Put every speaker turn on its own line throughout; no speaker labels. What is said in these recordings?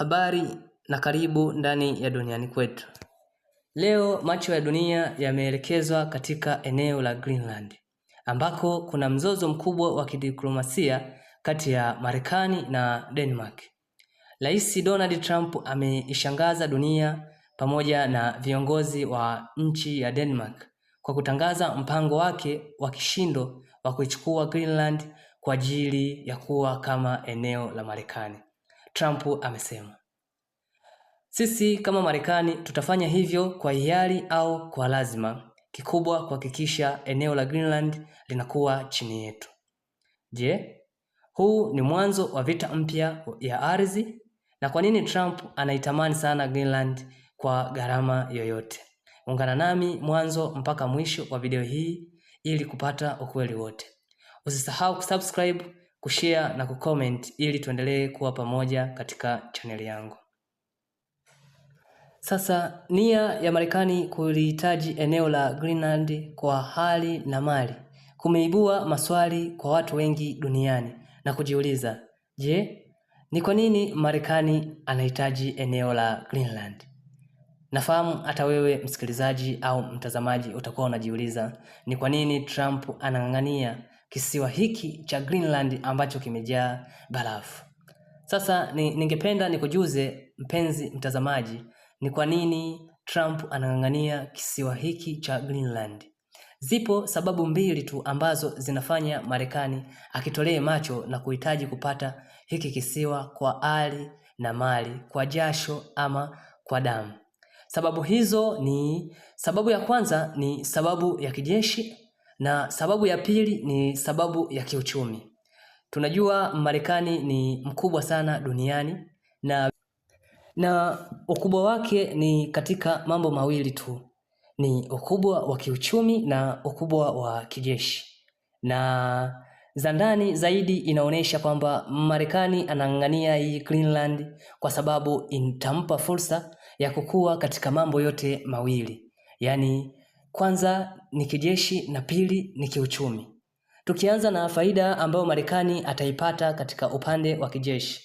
Habari na karibu ndani ya duniani kwetu. Leo macho ya dunia yameelekezwa katika eneo la Greenland ambako kuna mzozo mkubwa wa kidiplomasia kati ya Marekani na Denmark. Rais Donald Trump ameishangaza dunia pamoja na viongozi wa nchi ya Denmark kwa kutangaza mpango wake wa kishindo wa kuichukua Greenland kwa ajili ya kuwa kama eneo la Marekani. Trump amesema. Sisi kama Marekani tutafanya hivyo kwa hiari au kwa lazima, kikubwa kuhakikisha eneo la Greenland linakuwa chini yetu. Je, huu ni mwanzo wa vita mpya ya ardhi? Na kwa nini Trump anaitamani sana Greenland kwa gharama yoyote? Ungana nami mwanzo mpaka mwisho wa video hii ili kupata ukweli wote. Usisahau kusubscribe, kushare na kucomment ili tuendelee kuwa pamoja katika chaneli yangu. Sasa nia ya Marekani kulihitaji eneo la Greenland kwa hali na mali kumeibua maswali kwa watu wengi duniani na kujiuliza, je, ni kwa nini Marekani anahitaji eneo la Greenland? Nafahamu hata wewe msikilizaji au mtazamaji utakuwa unajiuliza ni kwa nini Trump anang'ang'ania kisiwa hiki cha Greenland ambacho kimejaa barafu. Sasa ni, ningependa nikujuze mpenzi mtazamaji ni kwa nini Trump anang'ang'ania kisiwa hiki cha Greenland. Zipo sababu mbili tu ambazo zinafanya Marekani akitolee macho na kuhitaji kupata hiki kisiwa kwa ali na mali, kwa jasho ama kwa damu. Sababu hizo ni sababu ya kwanza ni sababu ya kijeshi na sababu ya pili ni sababu ya kiuchumi. Tunajua Marekani ni mkubwa sana duniani na, na ukubwa wake ni katika mambo mawili tu, ni ukubwa wa kiuchumi na ukubwa wa kijeshi, na za ndani zaidi inaonyesha kwamba Marekani anang'ang'ania hii Greenland kwa sababu itampa fursa ya kukua katika mambo yote mawili, yaani kwanza ni kijeshi na pili ni kiuchumi. Tukianza na faida ambayo Marekani ataipata katika upande wa kijeshi.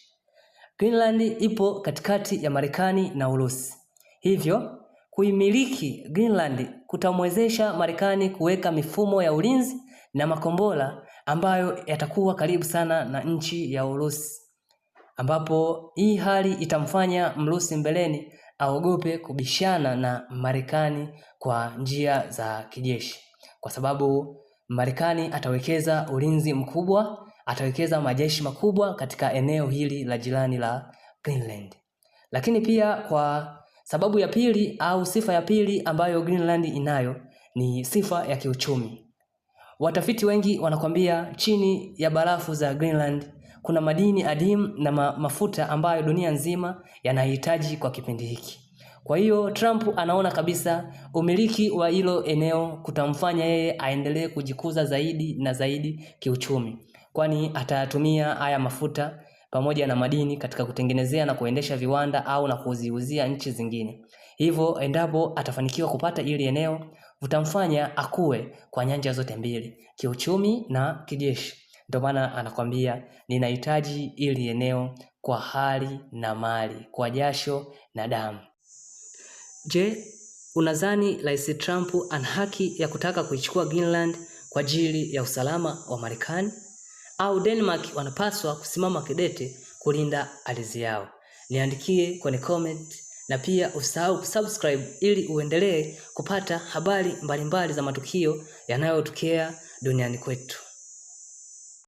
Greenland ipo katikati ya Marekani na Urusi. Hivyo, kuimiliki Greenland kutamwezesha Marekani kuweka mifumo ya ulinzi na makombora ambayo yatakuwa karibu sana na nchi ya Urusi ambapo hii hali itamfanya Mrusi mbeleni aogope kubishana na Marekani kwa njia za kijeshi, kwa sababu Marekani atawekeza ulinzi mkubwa, atawekeza majeshi makubwa katika eneo hili la jirani la Greenland. Lakini pia kwa sababu ya pili au sifa ya pili ambayo Greenland inayo ni sifa ya kiuchumi. Watafiti wengi wanakwambia chini ya barafu za Greenland kuna madini adimu na ma mafuta ambayo dunia nzima yanahitaji kwa kipindi hiki. Kwa hiyo Trump anaona kabisa umiliki wa hilo eneo kutamfanya yeye aendelee kujikuza zaidi na zaidi kiuchumi, kwani atayatumia haya mafuta pamoja na madini katika kutengenezea na kuendesha viwanda au na kuziuzia nchi zingine. Hivyo endapo atafanikiwa kupata ili eneo, utamfanya akue kwa nyanja zote mbili, kiuchumi na kijeshi. Ndio maana anakwambia ninahitaji ili eneo kwa hali na mali, kwa jasho na damu. Je, unadhani Rais Trump ana haki ya kutaka kuichukua Greenland kwa ajili ya usalama wa Marekani? Au Denmark wanapaswa kusimama kidete kulinda ardhi yao? Niandikie kwenye comment na pia usahau kusubscribe ili uendelee kupata habari mbalimbali za matukio yanayotokea duniani kwetu.